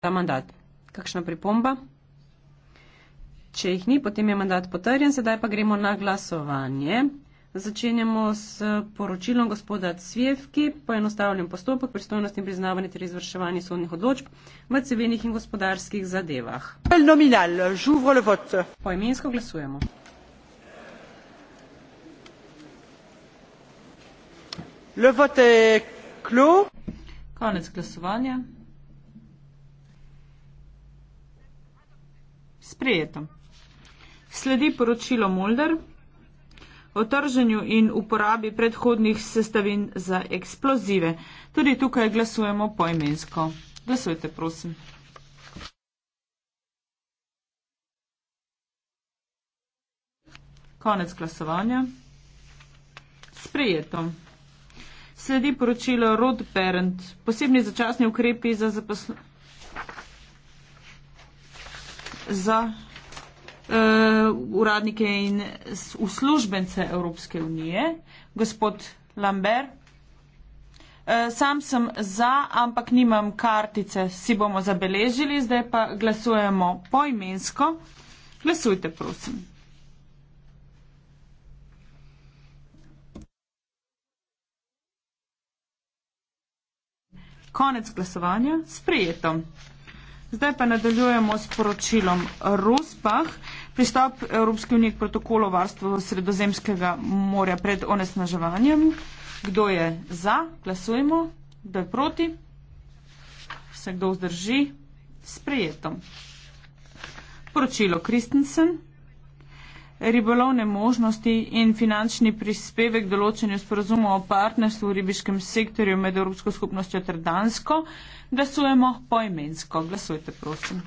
ta mandat. Kakšna pripomba? Če jih ni, potem je mandat potrjen, sedaj pa gremo na glasovanje. Začenjamo s poročilom gospoda Cvjevki, poenostavljen postopek pristojnosti in priznavanje ter izvrševanje sodnih odločb v civilnih in gospodarskih zadevah. Poimensko glasujemo. Konec glasovanja. Sprejeto. Sledi poročilo Mulder o trženju in uporabi predhodnih sestavin za eksplozive. Tudi tukaj glasujemo poimensko. Glasujte, prosim. Konec glasovanja. Sprejeto. Sledi poročilo Rod Parent. Posebni začasni ukrepi za zaposlenje za uh, uradnike in uslužbence Evropske unije. Gospod Lambert, uh, sam sem za, ampak nimam kartice, si bomo zabeležili, zdaj pa glasujemo poimensko. Glasujte, prosim. Konec glasovanja, sprijeto. Zdaj pa nadaljujemo s poročilom Ruspah. Pristop Evropske unije k protokolu o varstvu sredozemskega morja pred onesnaževanjem. Kdo je za? Glasujmo. Kdo je proti? Vse kdo vzdrži? Sprejeto. Poročilo Kristensen ribolovne možnosti in finančni prispevek določenju sporozumov o partnerstvu v ribiškem sektorju med Evropsko skupnostjo ter Dansko. Glasujemo poimensko. Glasujte, prosim.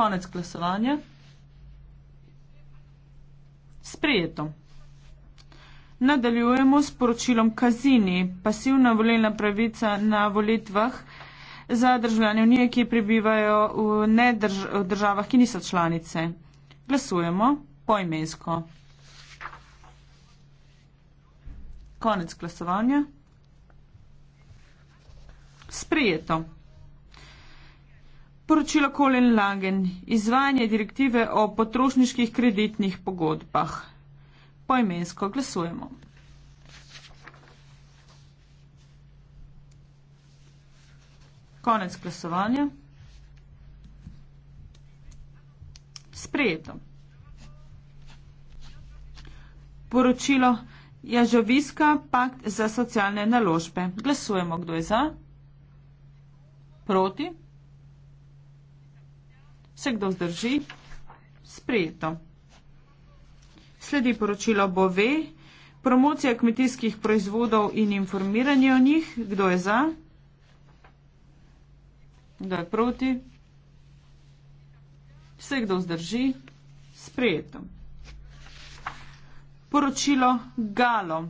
Konec glasovanja. Sprejeto. Nadaljujemo s poročilom Kazini. Pasivna volilna pravica na volitvah za državljane unije, ki prebivajo v nedrž državah, ki niso članice. Glasujemo poimensko. Konec glasovanja. Sprijeto. Poročilo Kolen Lagen. Izvajanje direktive o potrošniških kreditnih pogodbah. Poimensko glasujemo. Konec glasovanja. Sprejeto. Poročilo Jažoviska, pakt za socialne naložbe. Glasujemo, kdo je za? Proti? Se kdo zdrži? Sprejeto. Sledi poročilo Bove, promocija kmetijskih proizvodov in informiranje o njih. Kdo je za? Proti? Kdo je proti? Vse, kdo vzdrži, sprejeto. Poročilo Galo.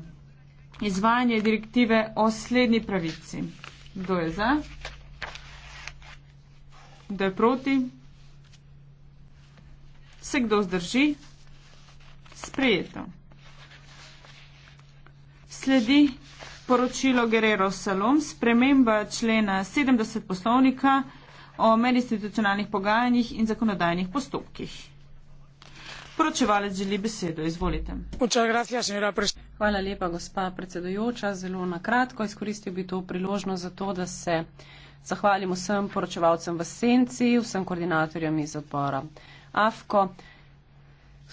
Izvajanje direktive o slednji pravici. Kdo je za? Kdo je proti? Vse, kdo vzdrži, sprejeto. Sledi sporočilo Gerero Salom, sprememba člena 70 poslovnika o medinstitucionalnih pogajanjih in zakonodajnih postopkih. Poročevalec želi besedo, izvolite. Hvala lepa, gospa predsedujoča. Zelo na kratko izkoristil bi to priložnost za to, da se zahvalim vsem poročevalcem v Senci, vsem koordinatorjem iz odbora AFKO.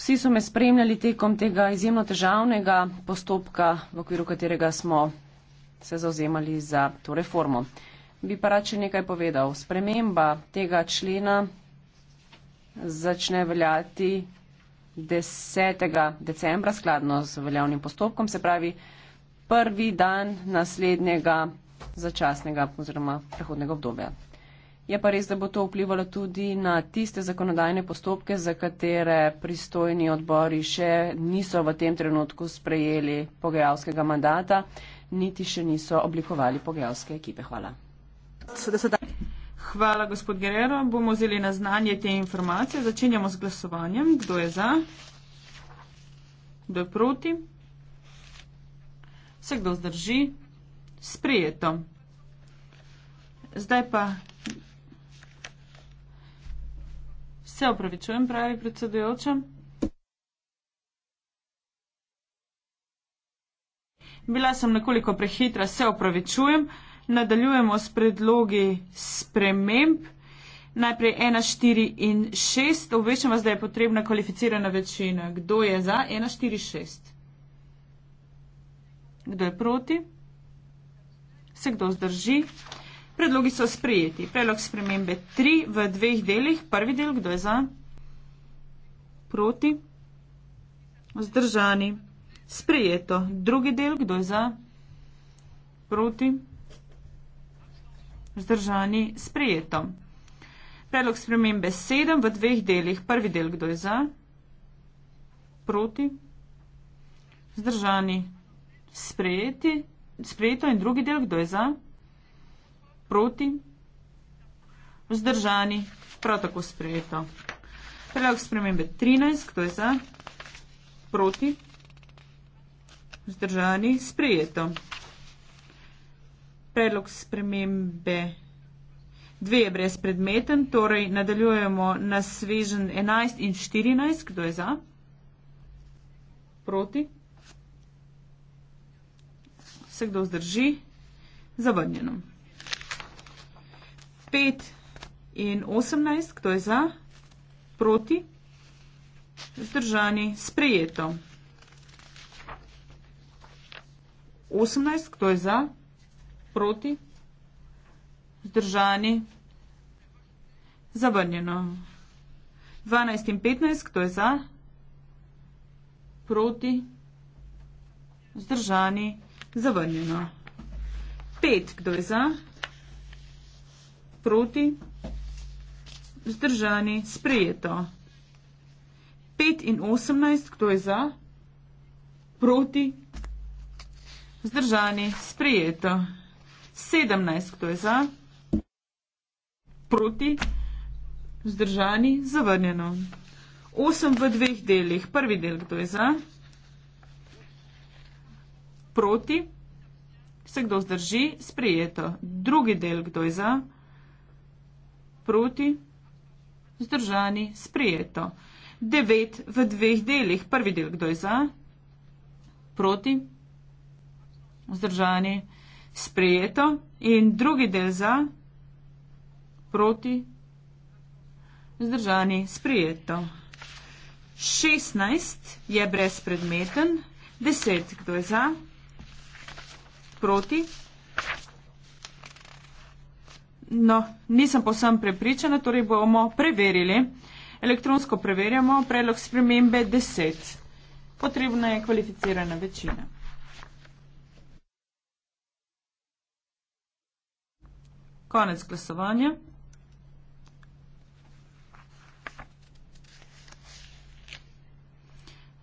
Vsi so me spremljali tekom tega izjemno težavnega postopka, v okviru katerega smo se zauzemali za to reformo. Bi pa rad še nekaj povedal. Sprememba tega člena začne veljati 10. decembra skladno z veljavnim postopkom, se pravi prvi dan naslednjega začasnega oziroma prehodnega obdobja. Je pa res, da bo to vplivalo tudi na tiste zakonodajne postopke, za katere pristojni odbori še niso v tem trenutku sprejeli pogajalskega mandata niti še niso oblikovali pogajalske ekipe. Hvala. Hvala, gospod Gerero. Bomo vzeli na znanje te informacije. Začenjamo z glasovanjem. Kdo je za? Kdo je proti? Vse, kdo zdrži? Sprijeto. Zdaj pa. Se opravičujem, pravi predsedujoča. Bila sem nekoliko prehitra, se opravičujem. Nadaljujemo s predlogi sprememb. Najprej 1, 4 in 6. Obvečam vas, da je potrebna kvalificirana večina. Kdo je za 1, 4, 6? Kdo je proti? Se kdo zdrži? Predlogi so sprijeti. Predlog spremembe 3 v dveh delih. Prvi del, kdo je za? Proti? Zdržani. Sprejeto. Drugi del, kdo je za? Proti? Zdržani. Sprejeto. Predlog spremembe 7 v dveh delih. Prvi del, kdo je za? Proti? Zdržani. Sprejeti. Sprejeto. In drugi del, kdo je za? Proti? Vzdržani, prav tako sprejeto. Predlog spremembe 13, kdo je za? Proti? vzdržani, sprejeto. Predlog spremembe 2 je brezpredmeten, torej nadaljujemo na svežen 11 in 14. Kdo je za? Proti? Vse, kdo vzdrži? Zavrnjeno. 5 in 18. Kdo je za? Proti? Vzdržani, sprejeto. 18, kdo je za, proti, zdržani, zavrnjeno. 12 in 15, kdo je za, proti, zdržani, zavrnjeno. 5, kdo je za, proti, zdržani, sprejeto. 5 in 18, kdo je za, proti, zdržani. Vzdržani, sprijeto. 17, kdo je za? Proti. Vzdržani, zavrnjeno. 8 v dveh delih. Prvi del, kdo je za? Proti. Se kdo vzdrži? Sprijeto. Drugi del, kdo je za? Proti. Vzdržani, sprijeto. 9 v dveh delih. Prvi del, kdo je za? Proti vzdržani, sprejeto in drugi del za, proti, vzdržani, sprejeto. 16 je brezpredmeten, 10 kdo je za, proti. No, nisem povsem prepričana, torej bomo preverili. Elektronsko preverjamo predlog spremembe 10. Potrebna je kvalificirana večina. Konec glasovanja.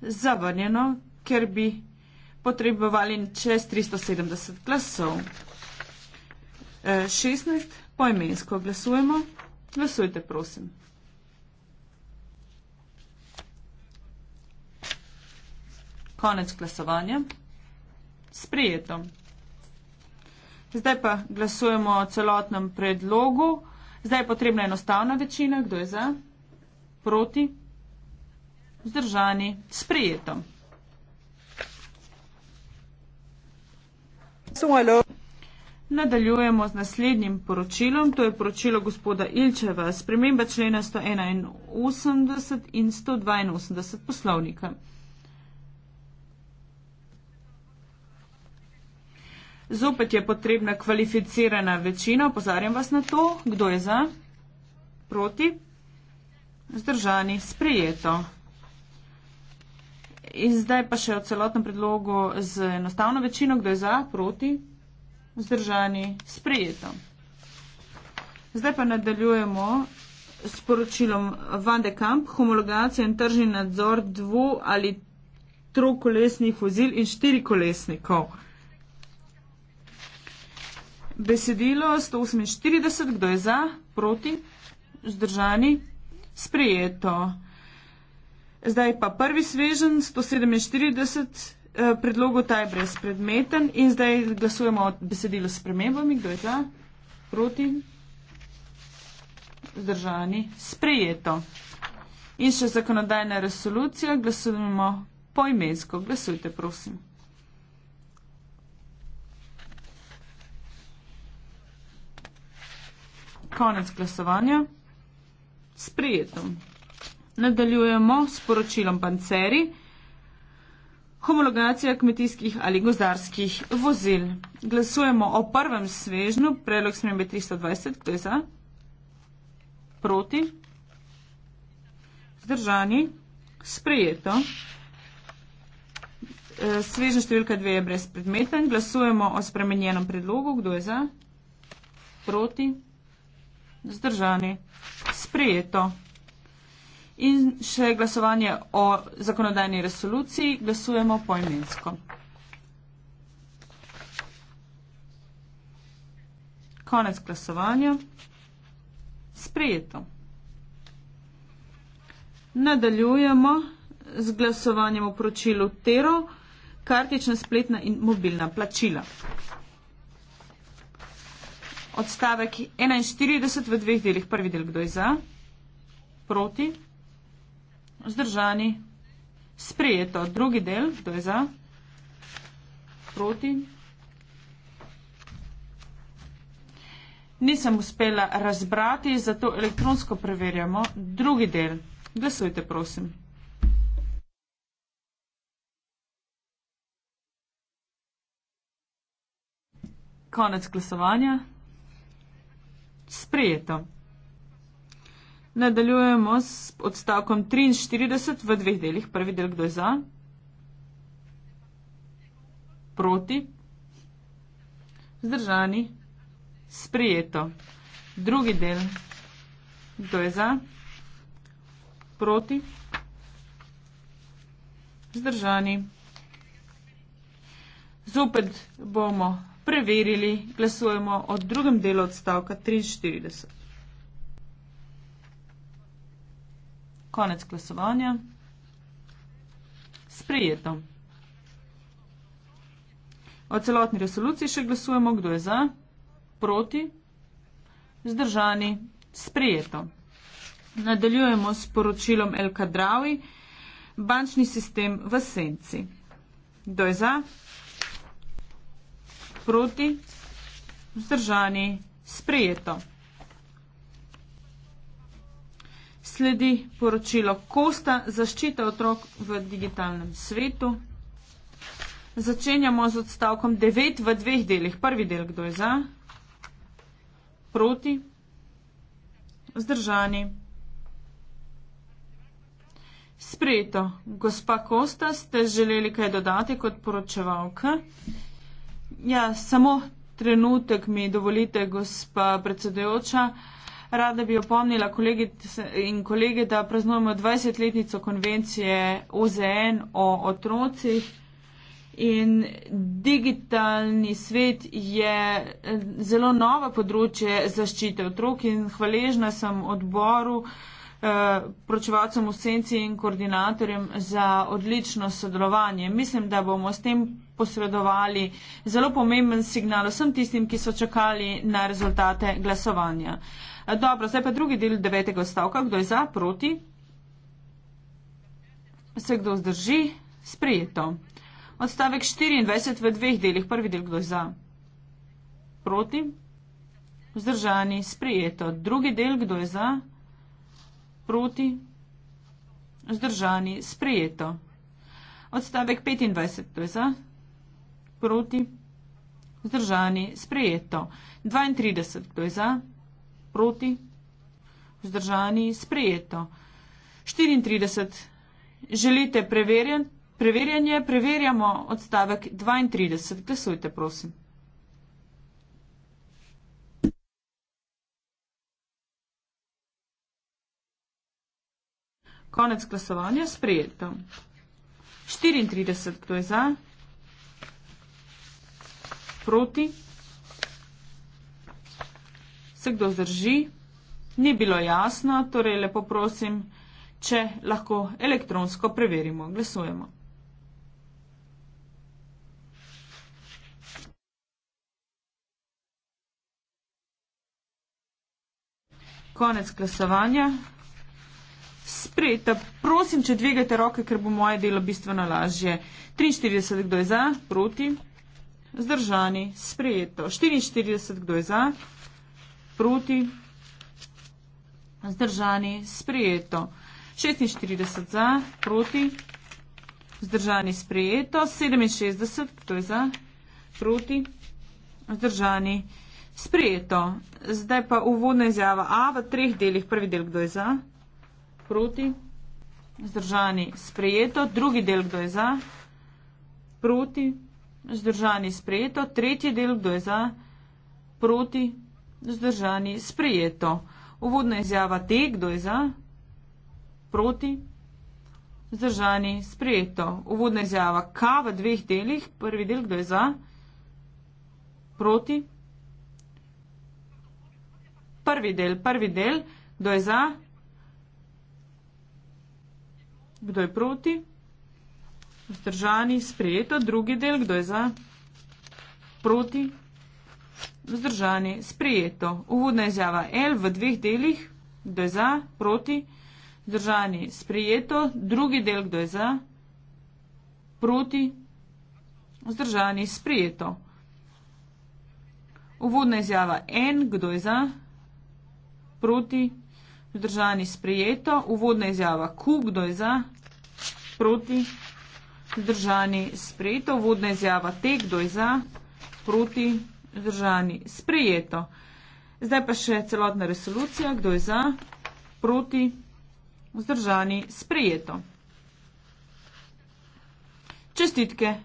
Zavrnjeno, ker bi potrebovali čez 370 glasov. 16. E, poimensko glasujemo. Glasujte, prosim. Konec glasovanja. Sprijetom. Zdaj pa glasujemo o celotnem predlogu. Zdaj je potrebna enostavna večina. Kdo je za? Proti? Zdržani? Sprijeto. Nadaljujemo z naslednjim poročilom. To je poročilo gospoda Ilčeva. Sprememba člena 181 in 182 poslovnika. Zopet je potrebna kvalificirana večina, opozarjam vas na to, kdo je za, proti, zdržani, sprijeto. In zdaj pa še o celotnem predlogu z enostavno večino, kdo je za, proti, zdržani, sprijeto. Zdaj pa nadaljujemo s poročilom Van de Kamp, homologacija in tržni nadzor dvo ali trokolesnih vozil in štirikolesnikov. Besedilo 148, kdo je za, proti, zdržani, sprejeto. Zdaj pa prvi svežen, 147, predlogo ta je brezpredmeten in zdaj glasujemo o besedilu s premembami, kdo je za, proti, zdržani, sprejeto. In še zakonodajna resolucija, glasujemo poimensko, glasujte prosim. Konec glasovanja. Sprijeto. Nadaljujemo s poročilom Panceri. Homologacija kmetijskih ali gozdarskih vozil. Glasujemo o prvem svežnu, predlog smembe 320, kdo je za? Proti? Zdržani? Sprijeto. E, Svežna številka 2 je brez predmeten. Glasujemo o spremenjenem predlogu, kdo je za? Proti? Proti? Zdržani. Sprejeto. In še glasovanje o zakonodajni resoluciji. Glasujemo poimensko. Konec glasovanja. Sprejeto. Nadaljujemo z glasovanjem o poročilu TERO, kartična spletna in mobilna plačila odstavek 41 v dveh delih. Prvi del, kdo je za, proti, vzdržani, sprejeto. Drugi del, kdo je za, proti. Nisem uspela razbrati, zato elektronsko preverjamo. Drugi del, glasujte, prosim. Konec glasovanja sprejeto. Nadaljujemo s odstavkom 43 v dveh delih. Prvi del, kdo je za? Proti? Zdržani? Sprijeto. Drugi del, kdo je za? Proti? Zdržani? Zopet bomo preverili, glasujemo o drugem delu odstavka 43. Konec glasovanja. Sprejeto. O celotni resoluciji še glasujemo, kdo je za, proti, zdržani, sprejeto. Nadaljujemo s poročilom El Kadravi, bančni sistem v senci. Kdo je za? Proti? Vzdržani? Sprejeto. Sledi poročilo Kosta, zaščita otrok v digitalnem svetu. Začenjamo z odstavkom 9 v dveh delih. Prvi del, kdo je za? Proti? Vzdržani? Sprejeto. Gospa Kosta, ste želeli kaj dodati kot poročevalka? Ja, samo trenutek mi dovolite, gospa predsedujoča. Rada bi opomnila kolegi in kolege, da praznujemo 20-letnico konvencije OZN o otrocih in digitalni svet je eh, zelo novo področje zaščite otrok in hvaležna sem odboru uh, pročevalcem v senci in koordinatorjem za odlično sodelovanje. Mislim, da bomo s tem posredovali zelo pomemben signal vsem tistim, ki so čakali na rezultate glasovanja. E, dobro, zdaj pa drugi del devetega stavka. Kdo je za, proti? Se kdo zdrži? Sprijeto. Odstavek 24 v dveh delih. Prvi del, kdo je za? Proti? Vzdržani, sprijeto. Drugi del, kdo je za? proti, vzdržani, sprejeto. Odstavek 25, to je za, proti, vzdržani, sprejeto. 32, to je za, proti, vzdržani, sprejeto. 34, želite preverjanje, preverjamo odstavek 32, glasujte prosim. Konec glasovanja sprejeto. 34, kdo je za? Proti? Se kdo zdrži? Ni bilo jasno, torej lepo prosim, če lahko elektronsko preverimo. Glasujemo. Konec glasovanja sprejeta. Prosim, če dvigate roke, ker bo moje delo bistveno lažje. 43, kdo je za, proti, zdržani, sprejeto. 44, kdo je za, proti, zdržani, sprejeto. 46 za, proti, zdržani, sprejeto. 67, kdo je za, proti, zdržani, sprejeto. Zdaj pa uvodna izjava A v treh delih. Prvi del, kdo je za, Proti. Zdržani sprejeto. Drugi del, kdo je za? Proti. Zdržani sprejeto. Tretji del, kdo je za? Proti. Zdržani sprejeto. Uvodna izjava te, kdo je za? Proti. Zdržani sprejeto. Uvodna izjava K v dveh delih. Prvi del, kdo je za? Proti. Prvi del, prvi del, kdo je za? Proti. Kdo je proti? Vzdržani, sprejeto. Drugi del, kdo je za? Proti? Vzdržani, sprejeto. Uvodna izjava L v dveh delih, kdo je za? Proti? Vzdržani, sprejeto. Drugi del, kdo je za? Proti? Vzdržani, sprejeto. Uvodna izjava N, kdo je za? Proti? Vzdržani, sprejeto. Zdržani sprejeto. Uvodna izjava Q, kdo je za, proti. Zdržani sprejeto. Uvodna izjava T, kdo je za, proti. Zdržani sprejeto. Zdaj pa še celotna resolucija, kdo je za, proti. Zdržani sprejeto. Čestitke.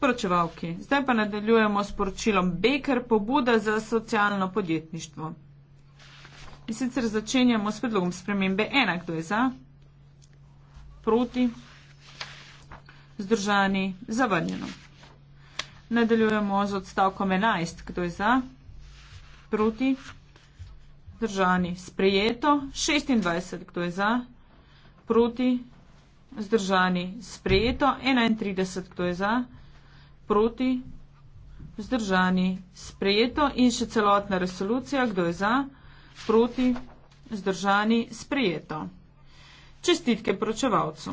Poročevalki. Zdaj pa nadaljujemo s poročilom Beker, pobuda za socialno podjetništvo. In sicer začenjamo s predlogom spremembe. Enak, kdo je za, proti, zdržani, zavrnjeno. Nadaljujemo z odstavkom 11, kdo je za, proti, zdržani, sprejeto. 26, kdo je za, proti, zdržani, sprejeto. 31, kdo je za, proti, zdržani, sprejeto. In še celotna resolucija, kdo je za, proti proti, zdržani, sprejeto. Čestitke pročevalcu.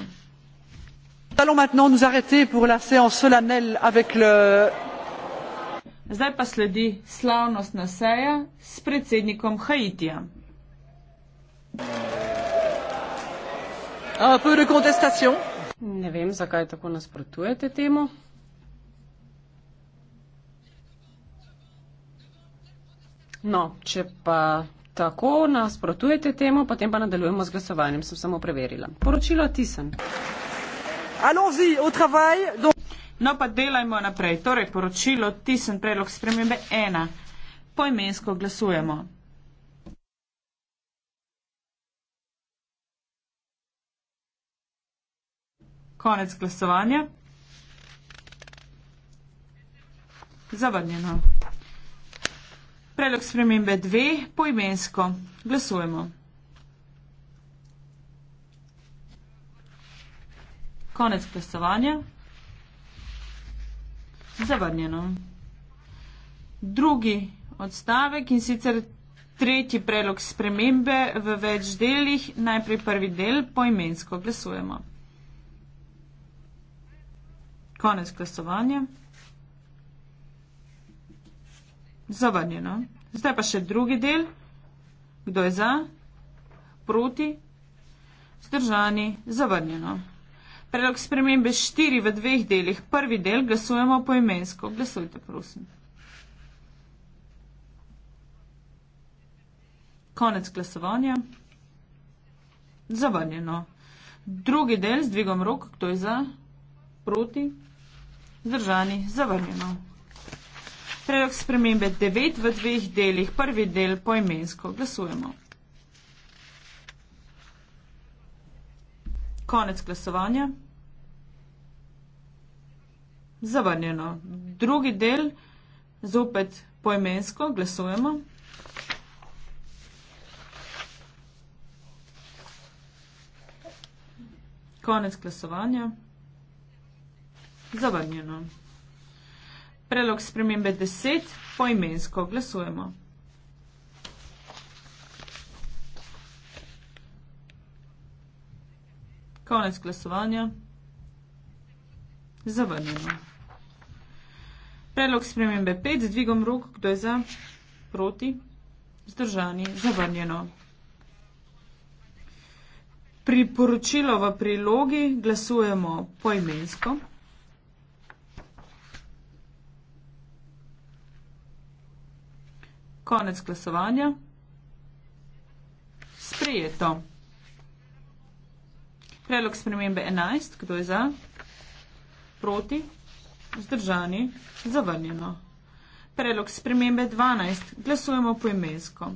Zdaj pa sledi slavnostna seja s predsednikom Haitija. Ne vem, zakaj tako nasprotujete temu. No, če pa tako nasprotujete temu, potem pa nadaljujemo z glasovanjem. Sem samo preverila. Poročilo tisem. No pa delajmo naprej. Torej, poročilo tisem, predlog spremembe ena. Poimensko glasujemo. Konec glasovanja. Zavrnjeno. Predlog spremembe dve poimensko. Glasujemo. Konec glasovanja. Zavrnjeno. Drugi odstavek in sicer tretji predlog spremembe v več delih. Najprej prvi del poimensko. Glasujemo. Konec glasovanja. Zavrnjeno. Zdaj pa še drugi del. Kdo je za? Proti? Zdržani? Zavrnjeno. Predlog spremembe štiri v dveh delih. Prvi del glasujemo poimensko. Glasujte, prosim. Konec glasovanja. Zavrnjeno. Drugi del z dvigom rok. Kdo je za? Proti? Zdržani? Zavrnjeno. Predlog spremembe 9 v dveh delih, prvi del poimensko. Glasujemo. Konec glasovanja. Zavrnjeno. Drugi del, zopet poimensko, glasujemo. Konec glasovanja. Zavrnjeno. Prelog spremembe 10 poimensko glasujemo. Konec glasovanja. Zavrnjeno. Predlog spremembe 5 z dvigom rok, kdo je za, proti, zdržani, zavrnjeno. Priporočilo v prilogi glasujemo poimensko. imensko. Konec glasovanja. Sprejeto. Predlog spremembe 11. Kdo je za? Proti? Zdržani? Zavrnjeno. Predlog spremembe 12. Glasujemo poimensko.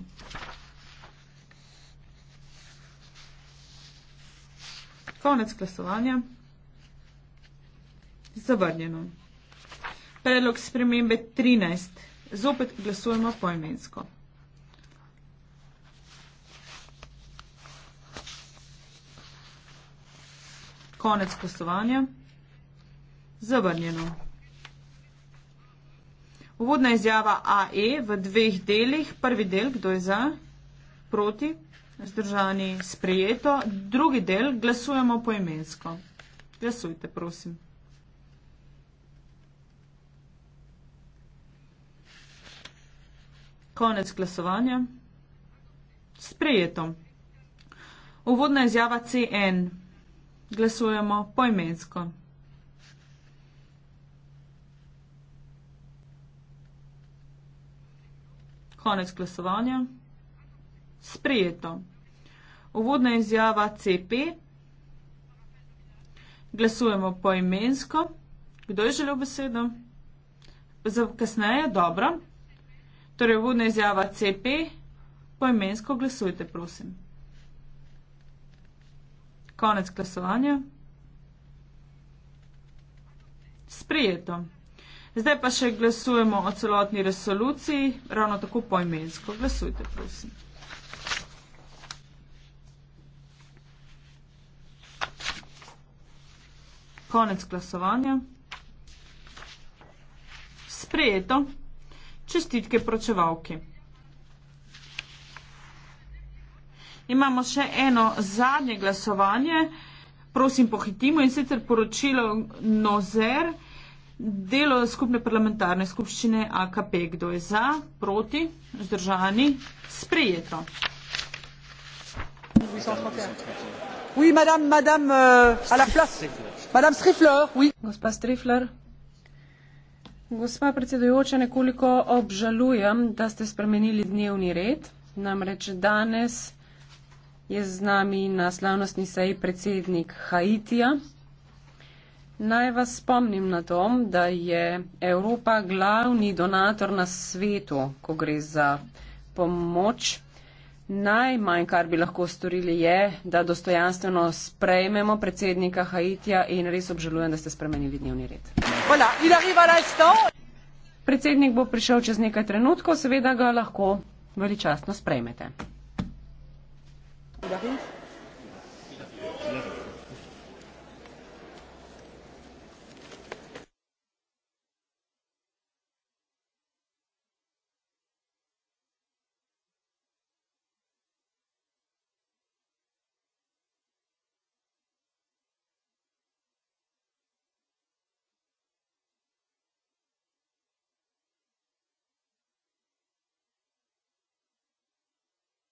Konec glasovanja. Zavrnjeno. Predlog spremembe 13. Zopet glasujemo poimensko. Konec glasovanja. Zavrnjeno. Uvodna izjava AE v dveh delih. Prvi del, kdo je za, proti, zdržani, sprejeto. Drugi del, glasujemo poimensko. Glasujte, prosim. Konec glasovanja. Sprejeto. Uvodna izjava CN. Glasujemo poimensko. Konec glasovanja. Sprejeto. Uvodna izjava CP. Glasujemo poimensko. Kdo je želel besedo? Za kasneje, dobro. Torej, vodna izjava CP, poimensko glasujte, prosim. Konec glasovanja. Sprijeto. Zdaj pa še glasujemo o celotni resoluciji, ravno tako poimensko. Glasujte, prosim. Konec glasovanja. Sprijeto. Čestitke pročevalki. Imamo še eno zadnje glasovanje. Prosim, pohitimo in sicer poročilo Nozer, delo skupne parlamentarne skupščine AKP. Kdo je za, proti, vzdržani, sprejeto. Oui, madame, madame, uh, à la place. Madame Strifler, oui. Gospa Strifler, Gospa predsedujoča, nekoliko obžalujem, da ste spremenili dnevni red. Namreč danes je z nami na slavnostni seji predsednik Haitija. Naj vas spomnim na to, da je Evropa glavni donator na svetu, ko gre za pomoč Najmanj, kar bi lahko storili, je, da dostojanstveno sprejmemo predsednika Haitija in res obžalujem, da ste spremenili dnevni red. Predsednik bo prišel čez nekaj trenutkov, seveda ga lahko veličastno sprejmete. Gracias.